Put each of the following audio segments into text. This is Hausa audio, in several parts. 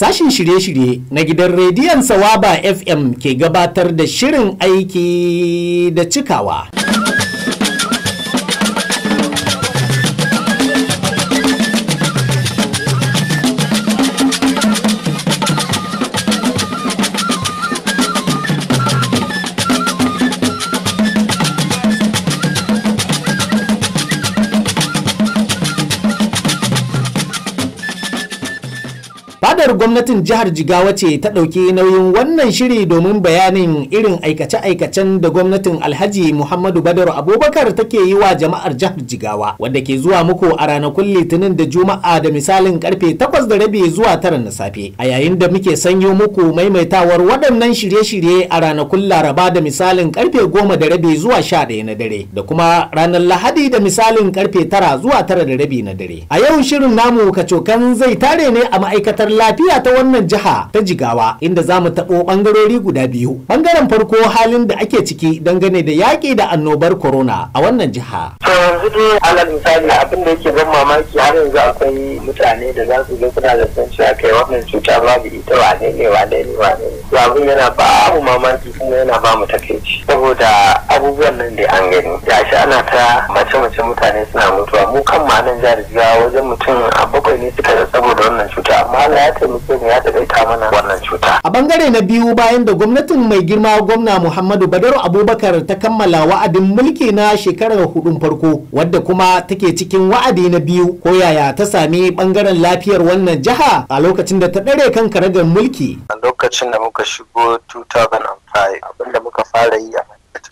Sashin shirye-shirye na gidan rediyon Sawaba FM ke gabatar da shirin aiki da cikawa. fadar gwamnatin jihar jigawa ce ta ɗauki nauyin wannan shiri domin bayanin irin aikace-aikacen da gwamnatin alhaji muhammadu Badar abubakar take yi wa jama'ar jihar jigawa wadda ke zuwa muku a ranakun litinin da juma'a da misalin karfe takwas da rabi zuwa tara na safe a yayin da muke sanyo muku maimaitawar waɗannan shirye-shirye a ranakun laraba da misalin karfe goma da rabi zuwa sha ɗaya na dare da kuma ranar lahadi da misalin karfe tara zuwa tara da rabi na dare a yau shirin namu kacokan zai tare ne a ma'aikatar lafiya tafiya ta wannan jiha ta jigawa inda za mu taɓo ɓangarori guda biyu. Ɓangaren farko halin da ake ciki dangane da yaƙi da annobar corona a wannan jiha. dai alal misali abin da yake ban mamaki har yanzu akwai mutane da za su zo suna da san cewa kai wannan cuta ba babu ita wane ne wane ne wane ne abin yana ba mu mamaki kuma yana ba mu takaici saboda abubuwan nan da an gani da shi ana ta mace mace mutane suna mutuwa mu kan ma nan jihar jiya wajen mutum a bakwai ne suka da saboda wannan cuta amma Allah ya taimake mu ya taƙaita mana wannan cuta a bangare na biyu bayan da gwamnatin mai girma gwamna Muhammadu Badaru Abubakar ta kammala wa'adin mulki na shekarar hudun farko wadda kuma take cikin wa'adi na biyu ko yaya ta sami bangaren lafiyar wannan jiha a lokacin da ta ɗare kan karagar mulki. A lokacin da muka shigo 2005 abinda muka fara yi a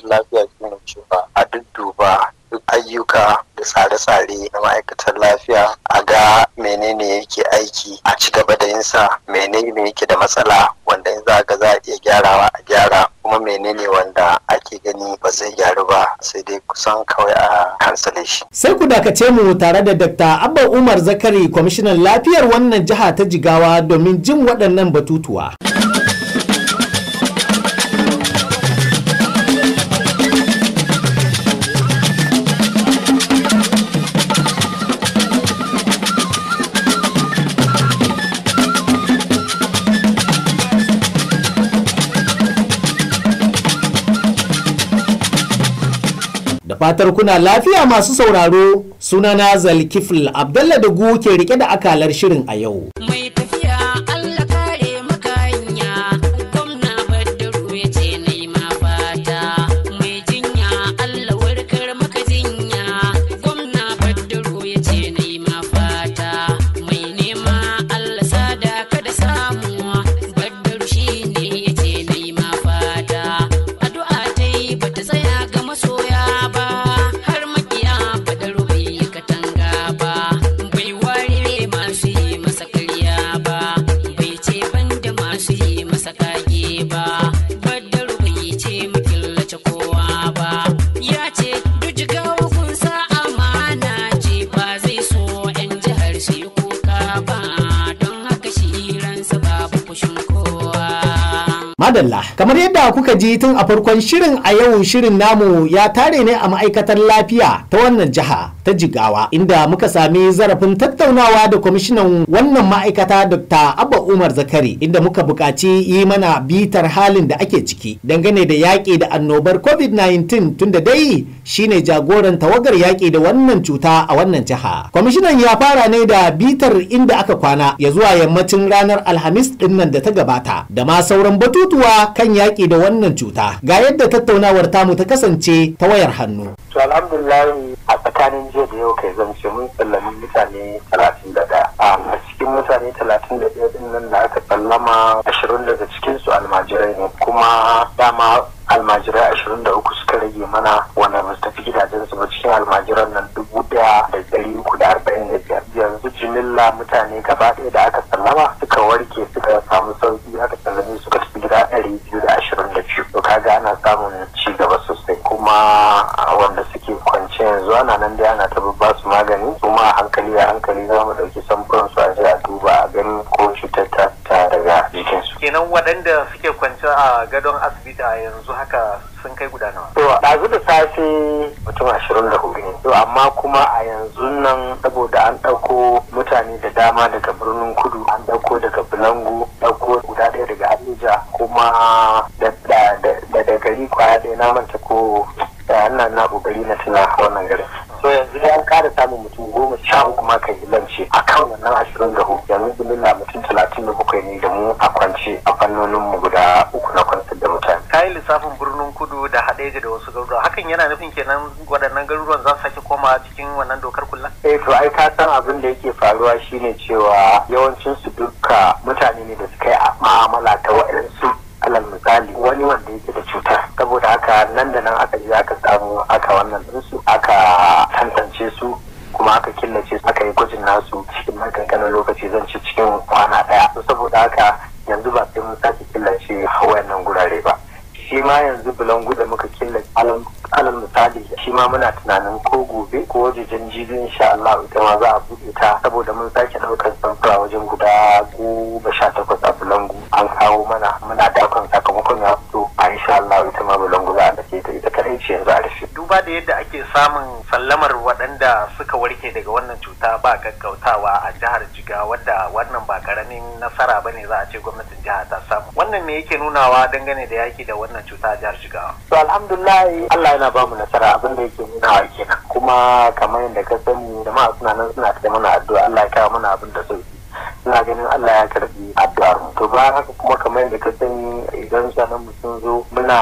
lafiya shine cewa a duba duk ayyuka da tsare-tsare na ma'aikatan lafiya a ga menene yake aiki a ci gaba da yinsa menene yake da matsala wanda in za ga za a iya gyarawa a gyara kuma menene wanda ake gani ba zai gyaru ba sai dai kusan kawai a kansale shi. Sai ku dakace mu tare da Dr. Abba Umar Zakari kwamishinan lafiyar wannan jiha ta Jigawa domin jin waɗannan batutuwa. fatar kuna lafiya masu sauraro sunana zalkifil abdalla da ke rike da akalar shirin a yau. madalla kamar yadda kuka ji tun a farkon shirin a yau shirin namu ya tare ne a ma'aikatar lafiya ta wannan jiha ta jigawa inda muka sami zarafin tattaunawa da kwamishinan wannan ma'aikata dr abba umar zakari inda muka buƙaci yi mana bitar halin da ake ciki dangane da yaƙi da annobar covid-19 tun da dai shine jagoran tawagar yaƙi da wannan cuta a wannan jiha kwamishinan ya fara ne da bitar inda aka kwana ya zuwa yammacin ranar alhamis ɗinnan da ta gabata da ma sauran batutuwa gwiwa kan yaƙi da wannan cuta ga yadda tattaunawar tamu ta kasance ta wayar hannu. to alhamdulillah a tsakanin jiya da yau kai zance mun sallami mutane talatin da ɗaya a cikin mutane talatin da ɗaya ɗin nan da aka sallama ashirin daga cikinsu almajirai ne kuma dama almajirai ashirin da uku suka rage mana wanda ba su tafi gidajensu ba cikin almajiran nan dubu ɗaya da ɗari uku da arba'in da biyar yanzu jimilla mutane gaba ɗaya da aka sallama suka warke suka samu sauki aka sallame suka wanda suke kwance yanzu ana nan dai ana ta ba su magani kuma a hankali a hankali za mu ɗauki samfuran su a je a duba a gani ko cutar ta ta daga su. kenan waɗanda suke kwance a gadon asibiti a yanzu haka sun kai guda nawa. to ɗazu da safe mutum ashirin da hudu ne to amma kuma a. shi a kan wannan ashirin da hudu yanzu nuna mutum talatin da bakwai ne da mu a kwance a fannonin mu guda uku na kwantar da mutane. yi lissafin birnin kudu da ga da wasu garuruwa hakan yana nufin kenan waɗannan garuruwan za su sake koma cikin wannan dokar kullum. eh to ai ka san abin da yake faruwa shine cewa yawancin su duka mutane ne da suka yi ma'amala ta waɗansu alal misali wani wanda yake da cutar saboda haka nan da nan aka je aka samu aka wannan ɗinsu a ma yanzu bulangu da muka killa alal misali shi ma muna tunanin ko gobe ko wajejen jibi insha Allah ita ma za a buɗe ta saboda mun sake ɗaukar samfura wajen guda goma sha takwas a bulangu an kawo mana muna dakon sakamakon ya fito a insha Allah ita ma bulangu za a dake ta ita kadai ce yanzu a rufe. Duba da yadda ake samun sallamar waɗanda suka warke daga wannan cuta ba gaggautawa karamin nasara ba ne za a ce gwamnatin jiha ta samu wannan me yake nunawa dangane da yaki da wannan cuta jihar shiga to alhamdulillah Allah yana ba mu nasara abin da yake nunawa kenan kuma kamar yadda ka sani jama'a suna nan suna kai mana addu'a Allah ya kawo mana abin da sauki ina ganin Allah ya karbi addu'a mu to ba haka kuma kamar yadda ka sani idan sanan mu sun zo muna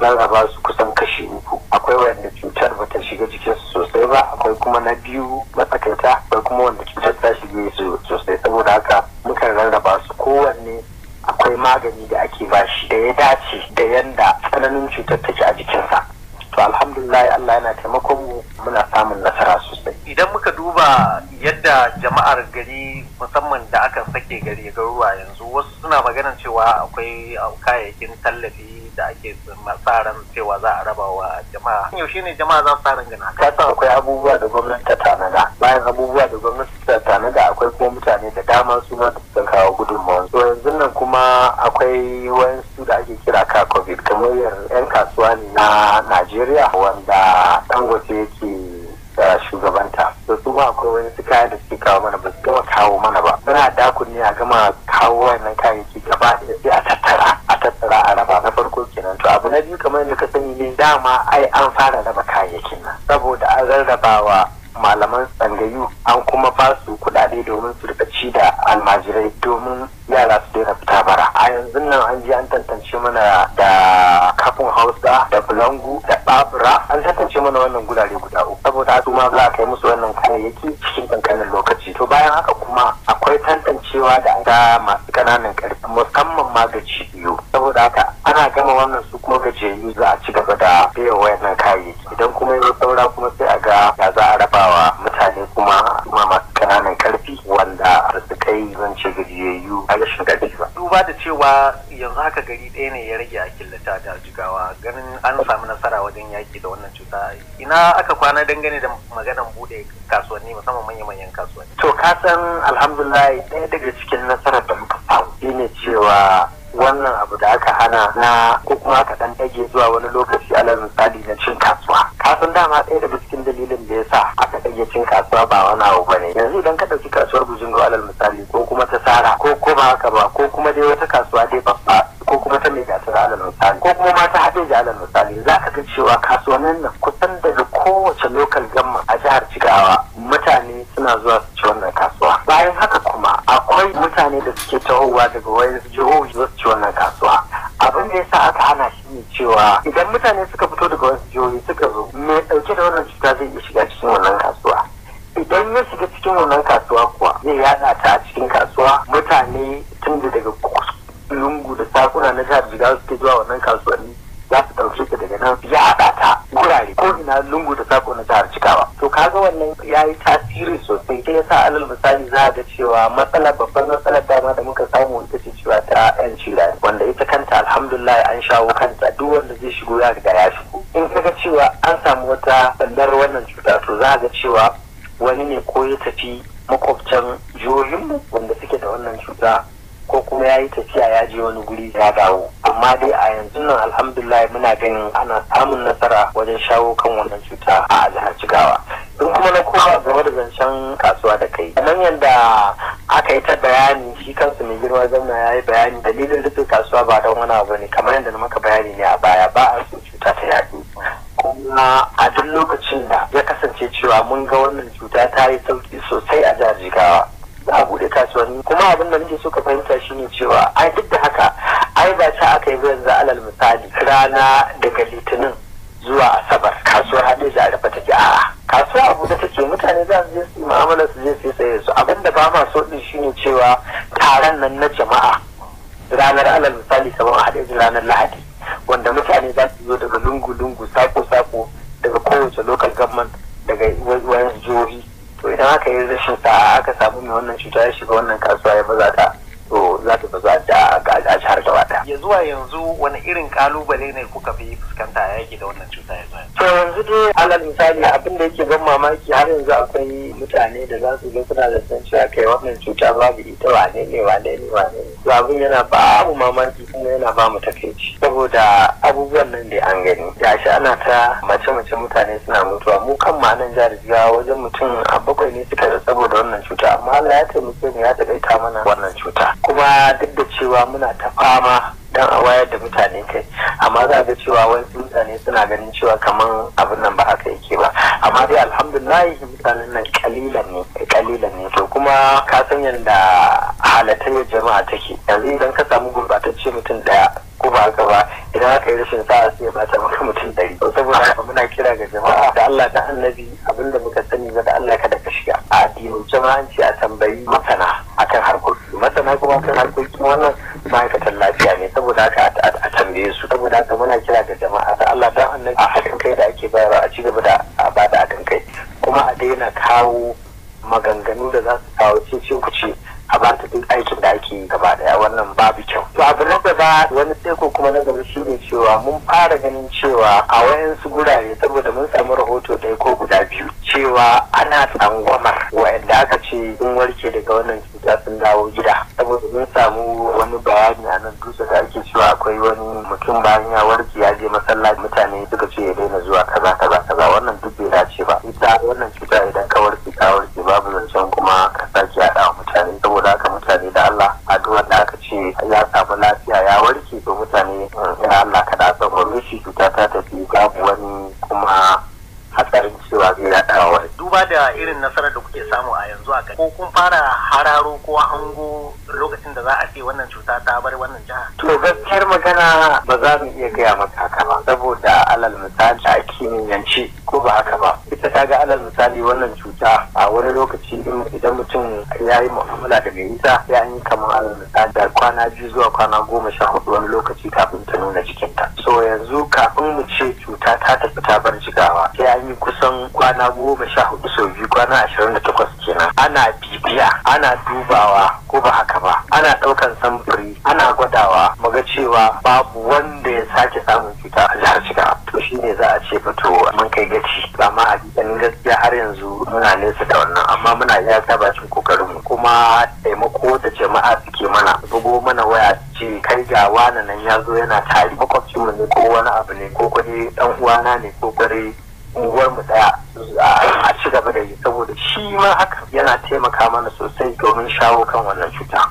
rarraba su kusan kashi uku akwai wanda cutar bata shiga su sosai ba akwai kuma na biyu matsakaita akwai kuma wanda cutar ta shige su sosai saboda haka mukan rarraba su kowanne akwai magani da ake bashi da ya dace da yanda tsananin cutar take a jikinsa to alhamdulillah Allah yana taimakon mu muna samun nasara sosai idan muka duba yadda jama'ar gari musamman da aka sake gari garuwa yanzu wasu suna maganar cewa akwai uh, kayayyakin tallafi da ake tsaron cewa za a raba wa jama'a yaushe ne jama'a za su tsarin gana ka akwai abubuwa da gwamnati ta tanada bayan abubuwa da kuma akwai wasu da ake kira ka covid kamar yan kasuwa ne na najeriya wanda dangote yake da eh, shugabanta da su ba akwai wani kaya da suke kawo mana ba su gama kawo mana ba suna dakun ne a gama kawo wannan kayayyaki gaba sai a tattara a tattara a raba na farko kenan to abu na biyu kamar yadda ka sani ne dama ai an fara raba kayayyakin nan saboda an rarrabawa yake cikin kankanin lokaci to bayan haka kuma akwai tantancewa da ga masu ƙananan ƙarfi musamman ma ga cibiyu saboda haka ana gama wannan su kuma gajiyayyu za a ci gaba da biyan wayannan kayayyaki idan kuma ya saura kuma sai a ga ya za a rabawa mutane kuma kuma masu ƙananan ƙarfi wanda ba su kai zan zance gajiyayyu a rashin ƙarfi ba duba da cewa yanzu haka gari ɗaya ne ya rage a killata da jigawa ganin an samu nasara wajen yaƙi da wannan cuta ina aka kwana dangane da wallahi ɗaya daga cikin nasarar da muka samu shine cewa wannan abu da aka hana na ko kuma aka dan dage zuwa wani lokaci ala misali na cin kasuwa kasan dama ɗaya daga cikin dalilin da yasa aka dage cin kasuwa ba wani abu bane yanzu idan ka ɗauki kasuwar bujingo alal misali ko kuma ta sara ko ko ba haka ba ko kuma dai wata kasuwa dai babba ko kuma ta mai gasar alal misali ko kuma mata haɗe da alal misali za ka ga cewa kasuwannin nan kusan daga kowace lokal gamma a jihar cigawa mutane suna zuwa su ci wannan kasuwa bayan haka mutane da suke tahowa daga wayan jihohi su ci kasuwa abin da yasa aka hana shi ne cewa idan mutane kawo kanta duk wanda zai shigo ya riga ya shigo in kaga cewa an samu wata sandar wannan cuta to za ga cewa wani ne ko ya tafi makwabtan mu wanda suke da wannan cuta ko kuma ya yi tafiya ya je wani guri ya dawo amma dai a yanzu nan alhamdulillah muna ganin ana samun nasara wajen shawo kan wannan cuta a jihar jigawa in kuma na koma game da zancen kasuwa da kai kamar yadda aka yi ta bayani shi kansu mai girma zamna ya yi bayani dalilin rufe kasuwa ba don wani abu ne kamar yadda na maka bayani ne a baya ba a so cuta ta yaɗu kuma a duk lokacin da ya kasance cewa mun ga wannan cuta ta yi sauki sosai a jihar jigawa a buɗe kasuwanni kuma abin da nake so ka fahimta shi ne cewa ai duk da haka ai ba ta aka yi yanzu alal misali rana daga litinin zuwa asabar kasuwar da a ta take a'a kasuwa abu da take mutane za su je su ma'amala su je su saye su abin da ba ma so din shine cewa taron nan na jama'a ranar alal misali kamar a da ranar lahadi wanda mutane za su zo daga lungu-lungu sako-sako daga kowace local government daga wayan jihohi to idan aka yi rashin sa'a aka samu mai wannan cuta ya shiga wannan kasuwa ya baza ta to za ta baza da ya zuwa yanzu wani irin kalubale ne kuka fi fuskanta a yaki da wannan cuta ya to yanzu dai alal misali abin da yake ban mamaki har yanzu akwai mutane da za su ga suna da san cewa kai wannan cuta babu ita wane ne wane ne wane ne abin yana ba mu mamaki kuma yana ba mu takaici saboda abubuwan nan da an gani Ya shi ana ta mace-mace mutane suna mutuwa mu kan ma nan jihar jiya wajen mutum a bakwai ne suka da saboda wannan cuta amma Allah ya taimake mu ya taƙaita mana wannan cuta kuma duk da cewa muna ta fama dan a wayar da mutane kai amma za ga cewa wasu mutane suna ganin cewa kamar abin nan ba haka yake ba amma dai alhamdulillah mutanen nan kalilan ne kalilan ne to kuma ka san yadda halattun jama'a take yanzu idan ka samu gurbatacce mutum daya ko ba haka ba idan aka yi rashin sa'a sai ba ta maka mutum ɗari saboda muna kira ga jama'a da Allah ta annabi a cewa a wayansu gurare saboda mun samu rahoto ɗaya ko guda biyu cewa ana tsangwamar wa'anda aka ce sun warke daga wannan cuta sun dawo gida saboda mun samu wani bayani a nan dutse da ake cewa akwai wani mutum bayan ya warke ya je masallaci mutane suka ce ya daina zuwa kaza kaza kaza wannan duk bai dace ba ita wannan cuta idan ka warke ka warke babu zancen kuma ka sake haɗa mutane saboda haka mutane da Allah duk da aka ce ya samu lafiya ya warke to mutane ina eh, Allah ka san wani shi cuta ta magana ba za mu iya gaya maka haka ba saboda alal misali a kimiyyance ko ba haka ba ita ta ga alal misali wannan cuta a wani lokaci idan mutum ya yi mu'amala da mai ita ya yi kamar alal misali da kwana biyu zuwa kwana goma sha hudu wani lokaci kafin ta nuna jikinta so yanzu kafin mu ce cuta ta tafi ta bar jigawa Ya yi kusan kwana goma sha hudu sau biyu kwana ashirin da takwas kenan ana bibiya ana dubawa ko ba haka ba ana ɗaukan samfuri ana gwadawa babu wanda ya sake samun cuta a jihar Jigawa to shine za a ce fito mun kai gaci amma cikin gaskiya har yanzu muna nesa da wannan amma muna iya ta bakin kokarin kuma taimako da jama'a suke mana bugo mana waya ce kai ga wani nan ya zo yana tari Makwabci mu ne ko wani abu ne ko kwade dan uwana ne ko kwade unguwar mu daya a ci gaba da yi saboda shi ma haka yana taimaka mana sosai domin shawo kan wannan cuta.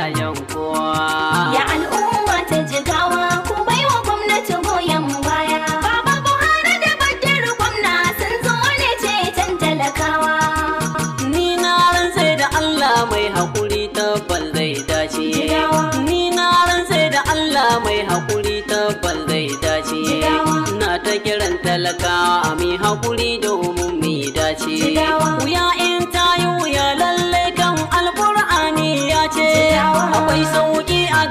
iyayen kowa. Ya al'umma ta jigawa ku baiwa gwamnati goyon baya. Baba Buhari da Badar gwamna sun zo ne ce can talakawa. Ni na rantsai da Allah mai haƙuri tabbal zai dace. Ni na da Allah mai haƙuri tabbal zai dace. Na ta kiran talakawa a mai haƙuri domin mai dace. Ku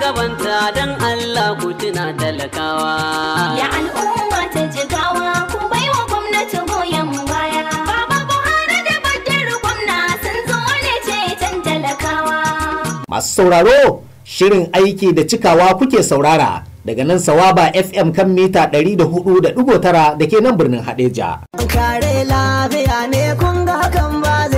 sabanta don Allah ku tuna talakawa. Ya al'umma ta jigawa ku baiwa gwamnati goyon baya. Baba Buhari da Bashir gwamna sun zo ne ceton talakawa. Masu sauraro shirin aiki da cikawa kuke saurara. Daga nan Sawaba FM kan mita 104.9 da ke nan birnin Hadeja. Kare lafiya ne kun ga hakan ba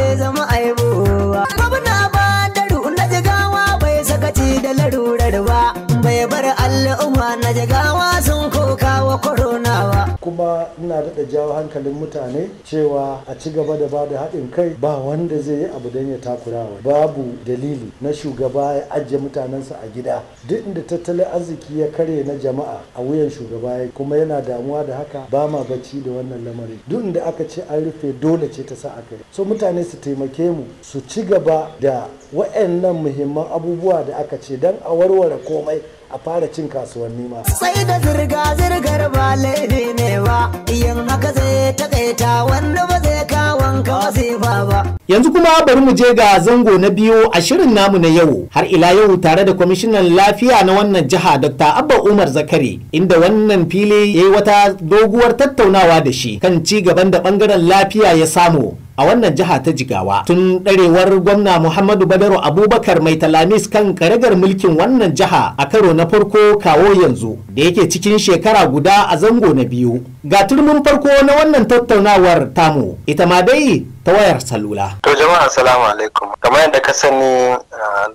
gawa sun koka wa koronawa. Kuma ina daɗa jawo hankalin mutane cewa a ci gaba da bada haɗin kai ba wanda zai yi abu don ya takurawa. Babu dalili na shugaba ya ajiye mutanensa a gida. Duk inda tattalin arziki ya kare na jama'a a wuyan shugaba ya kuma yana damuwa da haka ba ma bacci da wannan lamarin. Duk inda aka ce an rufe dole ce ta sa aka yi. So mutane su taimake mu su ci gaba da wa'annan muhimman abubuwa da aka ce don a warware komai a fara cin kasuwanni ma. Sai da zirga-zirgar ba laifi ne ba, yin haka zai taƙaita wanda ba zai kawon wasifa ba. Yanzu kuma bari mu je ga zango na biyu a shirin namu na yau har ila yau tare da kwamishinan lafiya na wannan jiha Dr. Abba Umar Zakari inda wannan fili ya yi wata doguwar tattaunawa da shi kan ci gaban da bangaren lafiya ya samu a wannan jiha ta jigawa tun ɗarewar gwamna muhammadu badaru abubakar mai talamis kan karagar mulkin wannan jiha a karo na farko kawo yanzu da yake cikin shekara guda a zango na biyu ga turmin farko na wannan tattaunawar tamu ita ma dai ta wayar salula. To jama'a assalamu alaikum kamar yadda ka sani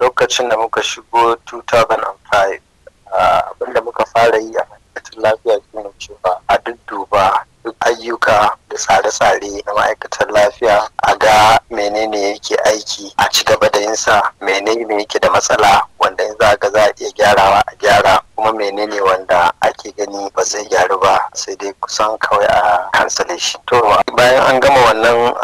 lokacin da muka shigo 2005 abinda muka fara yi a lafiya shine cewa a dudduba ayyuka da tsare-tsare na ma'aikatar lafiya a ga menene yake aiki a ci gaba da yinsa menene yake da matsala wanda in za ga za a iya gyarawa a gyara kuma menene wanda ake gani ba zai gyaru ba sai dai kusan kawai a kansale shi to bayan an gama wannan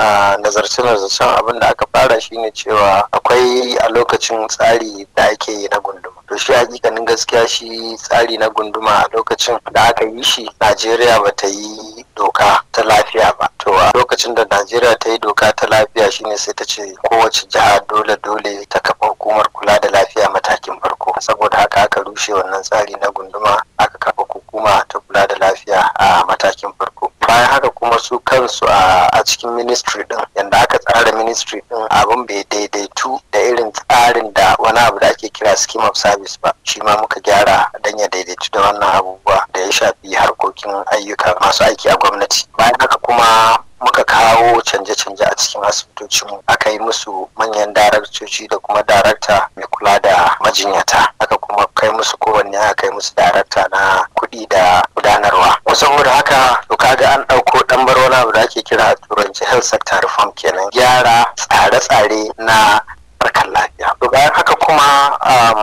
nazarce-nazarcen abin da aka fara shine cewa akwai a lokacin tsari da ake yi na gunduma to shi hakikanin gaskiya shi tsari na gunduma a lokacin da aka yi shi najeriya ba ta yi doka ta lafiya ba to a lokacin da najeriya ta yi doka ta lafiya shine sai ta ce kowace jiha dole dole ta kafa hukumar kula da lafiya matakin farko saboda haka aka rushe wannan tsari na gunduma aka kafa hukuma ta kula da lafiya a matakin farko bayan haka kuma su kansu a cikin ministry din yanda aka tsara ministry din abin bai daidaitu da irin tsarin da wani abu da ake kira scheme of service ba shi ma muka gyara don ya daidaitu da wannan abubuwa da ya shafi harkokin ayyuka masu aiki a gwamnati bayan haka kuma muka kawo canje-canje a cikin asibitocinmu aka yi musu manyan daraktoci da kuma darakta mai kula da majinyata aka kuma kai musu kowanne aka kai musu darakta na kuɗi da gudanarwa saboda haka to kaga an ɗauko ɗan barona da ake kira a turanci health sector reform kenan gyara tsare-tsare na harkar lafiya to bayan haka kuma um,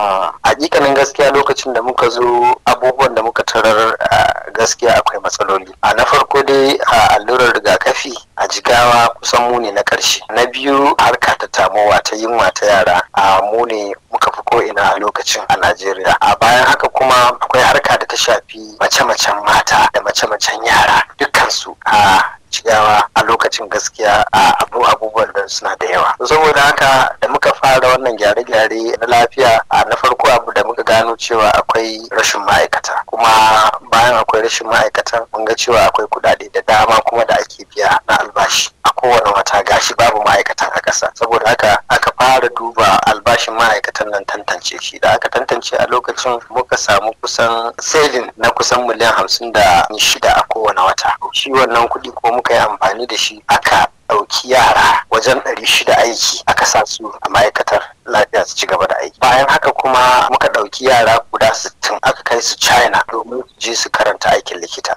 hakikanin gaskiya lokacin da muka zo abubuwan da muka tarar uh, gaskiya akwai matsaloli a na farko dai uh, allurar rigakafi a jigawa kusan mu ne na karshe na biyu harka ta tamowa ta yunwa ta yara a mu ne muka fi ko'ina a lokacin a najeriya a bayan haka kuma akwai harka da ta shafi mace-macen mata da mace-macen yara dukansu a jigawa a lokacin gaskiya a abu abubuwan da suna da yawa saboda haka da muka fara wannan gyare-gyare na lafiya a na farko abu da muka gano cewa akwai rashin ma'aikata kuma bayan akwai rashin ma'aikatan mun ga cewa akwai kudade da dama kuma da ake biya na albashi a kowane wata gashi babu ma'aikatan a ƙasa saboda haka aka fara duba albashin ma'aikatan nan tantance shi da aka tantance a lokacin muka samu kusan selin na kusan miliyan hamsin da shida a kowane wata shi wannan kuɗi ko muka yi amfani da shi aka ɗauki yara wajen ɗari shida aiki aka sa su a ma'aikatar lafiya su ci gaba da aiki bayan haka kuma muka ɗauki yara guda sittin aka kai su china domin su je su karanta aikin likita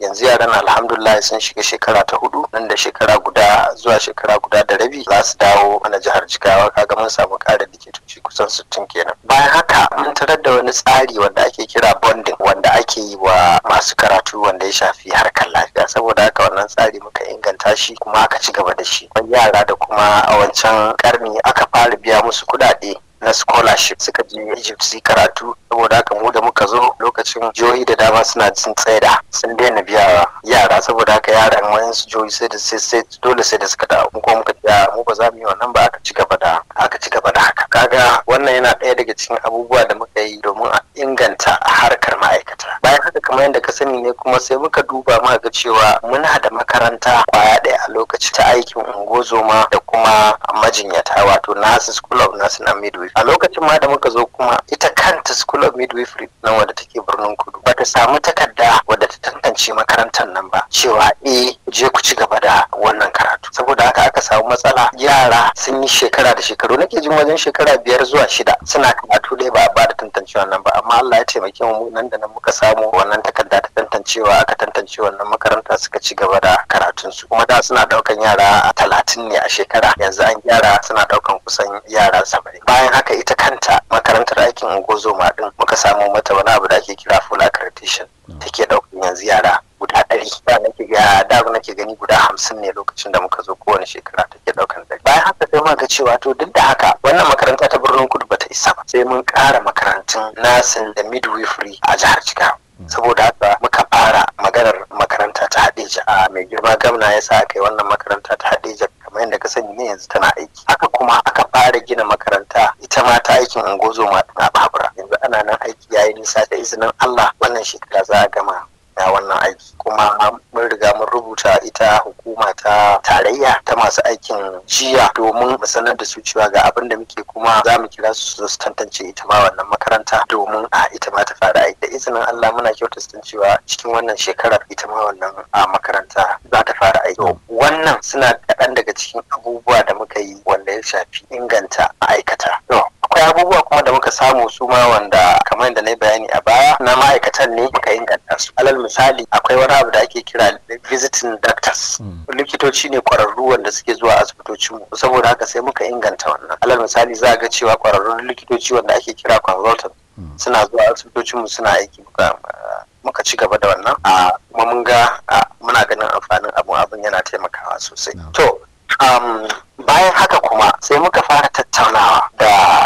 yanzu yaran alhamdulillah sun shiga shekara ta hudu nan da shekara guda zuwa shekara guda da rabi za su dawo mana jihar jigawa kaga mun samu ƙarin likitoci kusan sittin kenan bayan haka mun tarar da wani tsari wanda ake kira bonding wanda ake yi wa masu karatu wanda ya shafi harkar lafiya saboda haka wannan tsari muka inganta shi kuma aka ci gaba da shi yara da kuma a wancan karni aka fara biya musu kuɗaɗe na scholarship suka je Egypt su karatu saboda haka mu da muka zo lokacin jihohi da dama suna jin tsaida sun daina biya yara saboda haka yaran wayansu jihohi sai da sai dole sai da suka dawo mu ko muka biya mu ba za mu yi wannan ba aka ci gaba da aka ci gaba da haka kaga wannan yana ɗaya daga cikin abubuwa da muka yi domin a inganta harkar ma'aikata bayan haka kamar yadda ka sani ne kuma sai muka duba muka ga cewa muna da makaranta kwaya ɗaya a lokaci ta aikin ungozoma da kuma majinyata wato nasu school of nursing and midwifery a lokacin ma da muka zo kuma ita kanta school of midwifery nan wadda take birnin kudu bata samu takarda wadda ta tantance makarantar nan ba cewa eh je ku ci gaba da wannan karatu saboda haka aka samu matsala yara sun yi shekara da shekara shekaru nake jin wajen shekara biyar zuwa shida suna karatu dai ba a ba da tantance wannan ba amma Allah ya taimake mu nan da nan muka samu wannan takarda ta tantancewa aka tantance wannan makaranta suka ci gaba da karatun su kuma da suna daukan yara a talatin ne a shekara yanzu an gyara suna daukan kusan yara saba'in bayan haka ita kanta makarantar aikin ungozoma din muka samu mata wani abu da ake kira full accreditation mm. take daukan yanzu yara guda ɗari da nake ga da nake gani guda hamsin ne lokacin da muka zo kowane shekara take daukan bayan haka sai muka ga cewa to duk da haka wannan makaranta ta birnin kudu bata isa ba sai mun ƙara makarantun nasin da midwifery a jihar jigawa hmm. saboda haka muka fara maganar makaranta ta hadeja a mai girma gamna ya sa aka wannan makaranta ta hadeja kamar yadda ka sani ne yanzu tana aiki haka kuma aka fara gina makaranta ita ma ta aikin ungozo ma na babura yanzu ana nan aiki yayi nisa da izinin Allah wannan shekara za a gama Ya wannan aiki kuma mun riga mun rubuta ita hukuma ta tarayya ta masu aikin jiya domin mu sanar da su cewa ga abin da muke kuma za mu kira su su tantance ita ma wannan makaranta domin a ah, ita ma ta fara aiki da izinin Allah muna kyautata cewa cikin wannan shekarar ita ma wannan ah, makaranta za ta fara aiki wannan suna kaɗan daga cikin abubuwa da muka yi wanda ya shafi inganta ma'aikata akwai abubuwa kuma da muka samu su ma wanda kamar da na yi bayani a baya na ma'aikatan ne doctors alal misali akwai wani abu da ake kira visiting doctors hmm. likitoci ne kwararru wanda suke zuwa asibitocin mu saboda haka sai muka inganta wannan alal misali za a ga cewa kwararrun likitoci wanda ake kira consultant hmm. suna zuwa asibitocin mu suna aiki muka ci gaba da wannan kuma mun ga muna ganin amfanin abu abin yana taimakawa sosai to um, bayan haka kuma sai muka fara tattaunawa da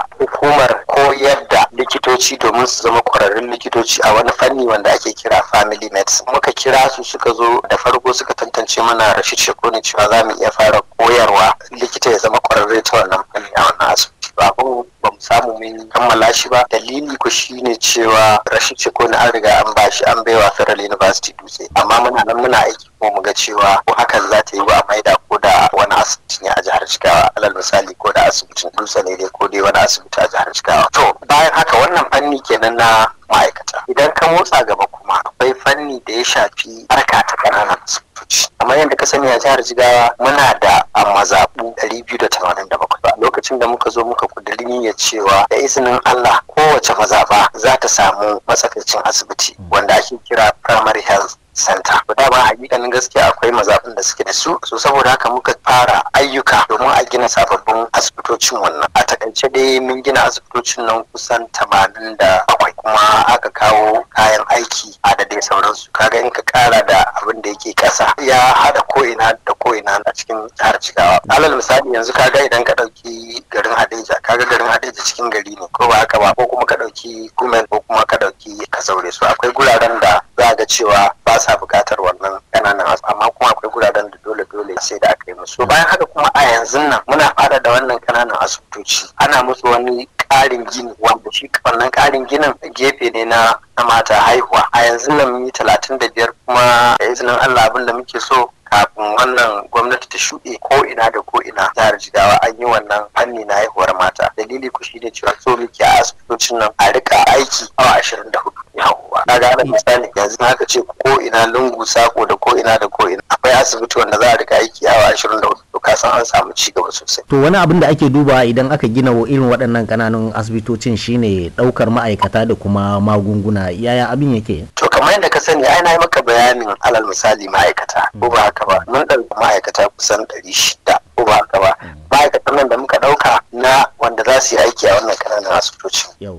likitoci domin su zama kwararrun likitoci a wani fanni wanda ake kira family medicine muka kira su suka zo da farko suka tantance mana rashid shekuni cewa za mu iya fara koyarwa likita ya zama kwararre ta wannan fanni a wannan asibiti abin ba mu samu mun kammala shi ba dalili ku ne cewa rashin ko na an riga an bashi an baiwa federal university dutse amma muna nan muna aiki ko mu ga cewa ko hakan za ta yi ba maida ko da wani asibiti ne a jihar Jigawa alal misali ko da asibitin dutse ne dai ko dai wani asibiti a jihar Jigawa to bayan haka wannan fanni kenan na ma'aikata idan ka motsa gaba kuma akwai fanni da ya shafi harka ta ƙananan lokaci kamar yadda ka sani a jihar jigawa muna da mazaɓu 287 lokacin da muka zo muka kudiri niyyar cewa da izinin allah kowace mazaɓa za ta samu matsakaicin asibiti hmm. wanda ake kira primary health santa da ba hakikanin gaskiya akwai mazafin da suke da su so saboda haka muka fara ayyuka domin a gina sababbin asibitocin wannan a takaice dai mun gina asibitocin nan kusan tamanin da akwai. kuma aka kawo kayan aiki a da dai sauransu kaga in ka kara da abin da yake kasa ya haɗa ko'ina da ko'ina a cikin har cikawa alal misali yanzu kaga idan ka ɗauki garin hadeja kaga garin hadeja cikin gari ne ko ba haka ba ko kuma ka ɗauki gumen ko kuma ka ɗauki ka saure su akwai guraren da cewa ba sa buƙatar wannan ƙananan amma kuma akwai guraren da dole dole sai da aka yi musu bayan haka kuma a yanzu nan muna fara da wannan ƙananan asibitoci ana musu wani ƙarin gini wanda shi wannan ƙarin ginin gefe ne na mata haihuwa a yanzu nan mun yi talatin da biyar kuma da izinin Allah abin da muke so kafin wannan gwamnati ta shuɗe ko ina da ko ina jihar jigawa an yi wannan fanni na haihuwar mata dalili ku ne cewa so muke a asibitocin nan a rika aiki awa ashirin da hudu yawwa na ga misali yanzu na ce ko ina lungu sako da ko ina da ko ina akwai asibiti wanda za a rika aiki awa da wasu ka san an samu ci gaba sosai to wani abin da ake duba idan aka gina wa irin waɗannan ƙananan asibitocin shine ɗaukar ma'aikata da kuma magunguna yaya abin yake to kamar yadda ka sani ai na yi maka bayanin alal misali ma'aikata ko ba haka ba mun ɗauki ma'aikata kusan ɗari shida ko ba haka ba mm. ma'aikatan nan da muka ɗauka na wanda za su yi aiki a wannan ƙananan asibitocin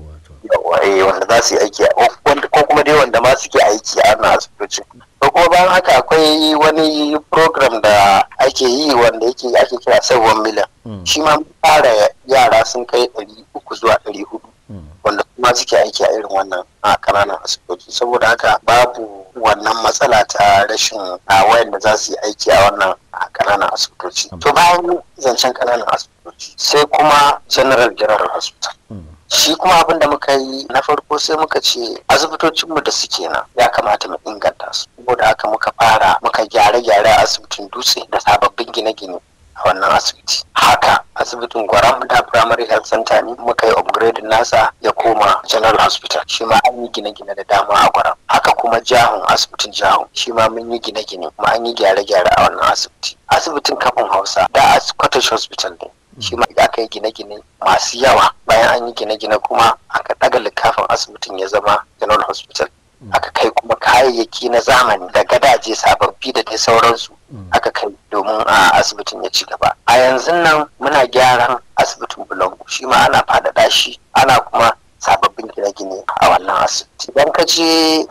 Eh, wanda za su yi aiki ko kuma dai wanda ma suke aiki a nan asibitoci ko kuma bayan haka akwai wani program da ake yi wanda yake ake kira seven million hmm. shi ma fara yara sun kai ɗari uku zuwa ɗari hudu hmm. wanda kuma suke aiki a irin wannan a kananan asibitoci saboda haka babu wannan matsala ta rashin a wayanda za su yi aiki a wannan a kananan asibitoci to hmm. bayan zancen kananan asibitoci sai kuma general general hospital shi kuma abin da muka yi na farko sai muka ce asibitocinmu da suke nan ya kamata mu inganta su saboda haka muka fara muka gyare-gyare asibitin dutse da sababbin gine-gine a wannan asibiti haka asibitin gwaram da primary health center ne muka yi upgrade nasa ya koma general hospital shi ma an yi gine-gine da dama a gwaram haka kuma jahun asibitin jahun shi ma mun yi gine-gine kuma an yi gyare-gyare a wannan asibiti asibitin kafin hausa da kwatash hospital ne shi ma da aka yi gine-gine masu yawa bayan an yi gine-gine kuma aka ɗaga likafin asibitin ya zama general hospital mm. aka kai kuma kayayyaki na zamani da gadaje sababbi da dai sauransu mm. aka kai domin a ah, asibitin ya ci gaba a yanzu nan muna gyaran asibitin bulangu shi ma ana faɗaɗa shi ana kuma sababbin gine-gine a wannan asibiti idan ka je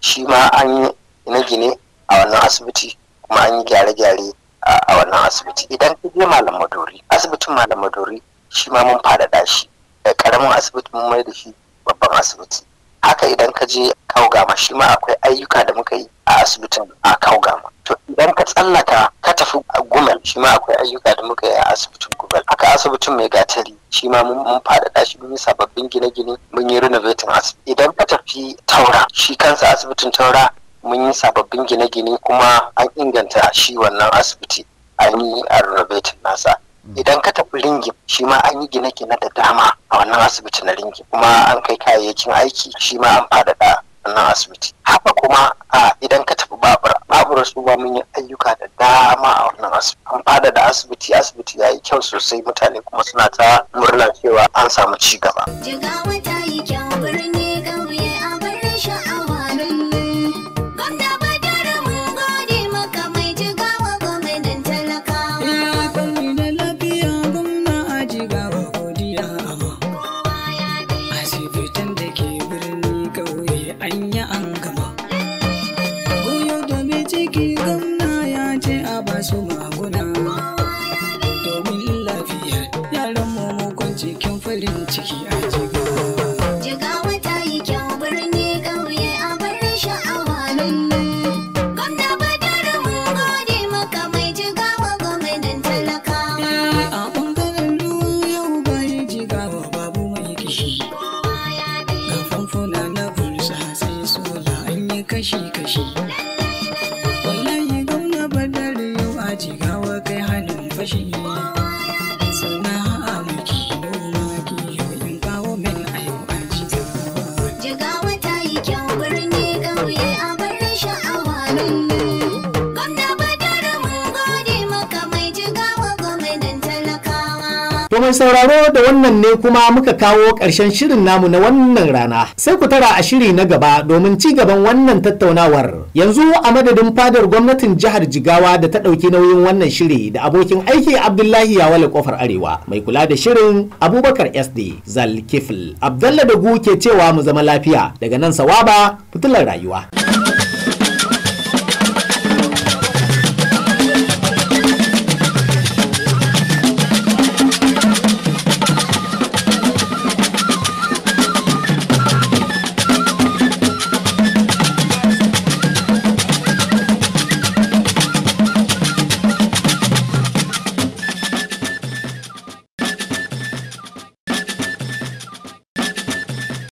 shi ma an yi gine-gine a wannan asibiti kuma an yi gyare-gyare a wannan asibiti idan ka je malam maduri asibitin malam maduri shi ma mun faɗaɗa shi da karamin asibiti mun mai da shi babban asibiti haka idan ka je kaugama shi ma akwai ayyuka da muka yi a asibitin a kaugama to idan ka tsallaka ka tafi gumel shi ma akwai ayyuka da muka yi a asibitin gumel haka asibitin mai gatari shi ma mun faɗaɗa shi mun sababbin gine-gine mun yi renovating asibiti idan ka tafi taura shi kansa asibitin taura mun yi sababbin gine-gine kuma an inganta shi wannan asibiti an yi renovating nasa mm. idan ka tafi ringin shi ma an yi gine-gine da dama a wannan asibiti na ringi. kuma an kai kayayyakin aiki shi ma an faɗaɗa wannan asibiti haka kuma a idan ka tafi babura babura su ba mun yi ayyuka da dama a wannan asibiti an faɗaɗa asibiti asibiti ya yi kyau sosai mutane kuma suna ta murna cewa an samu ci gaba. Jigawa ta yi kyau birni To mai sauraro da wannan ne kuma muka kawo ƙarshen shirin namu na wannan rana. Sai ku tara a shiri na gaba domin ci gaban wannan tattaunawar. Yanzu a madadin fadar gwamnatin jihar Jigawa da ta ɗauki nauyin wannan shiri da abokin aiki Abdullahi Yawale kofar Arewa mai kula da shirin Abubakar SD Zal Kifl. Abdallah da Gu ke cewa mu zama lafiya daga nan sawaba fitilar rayuwa.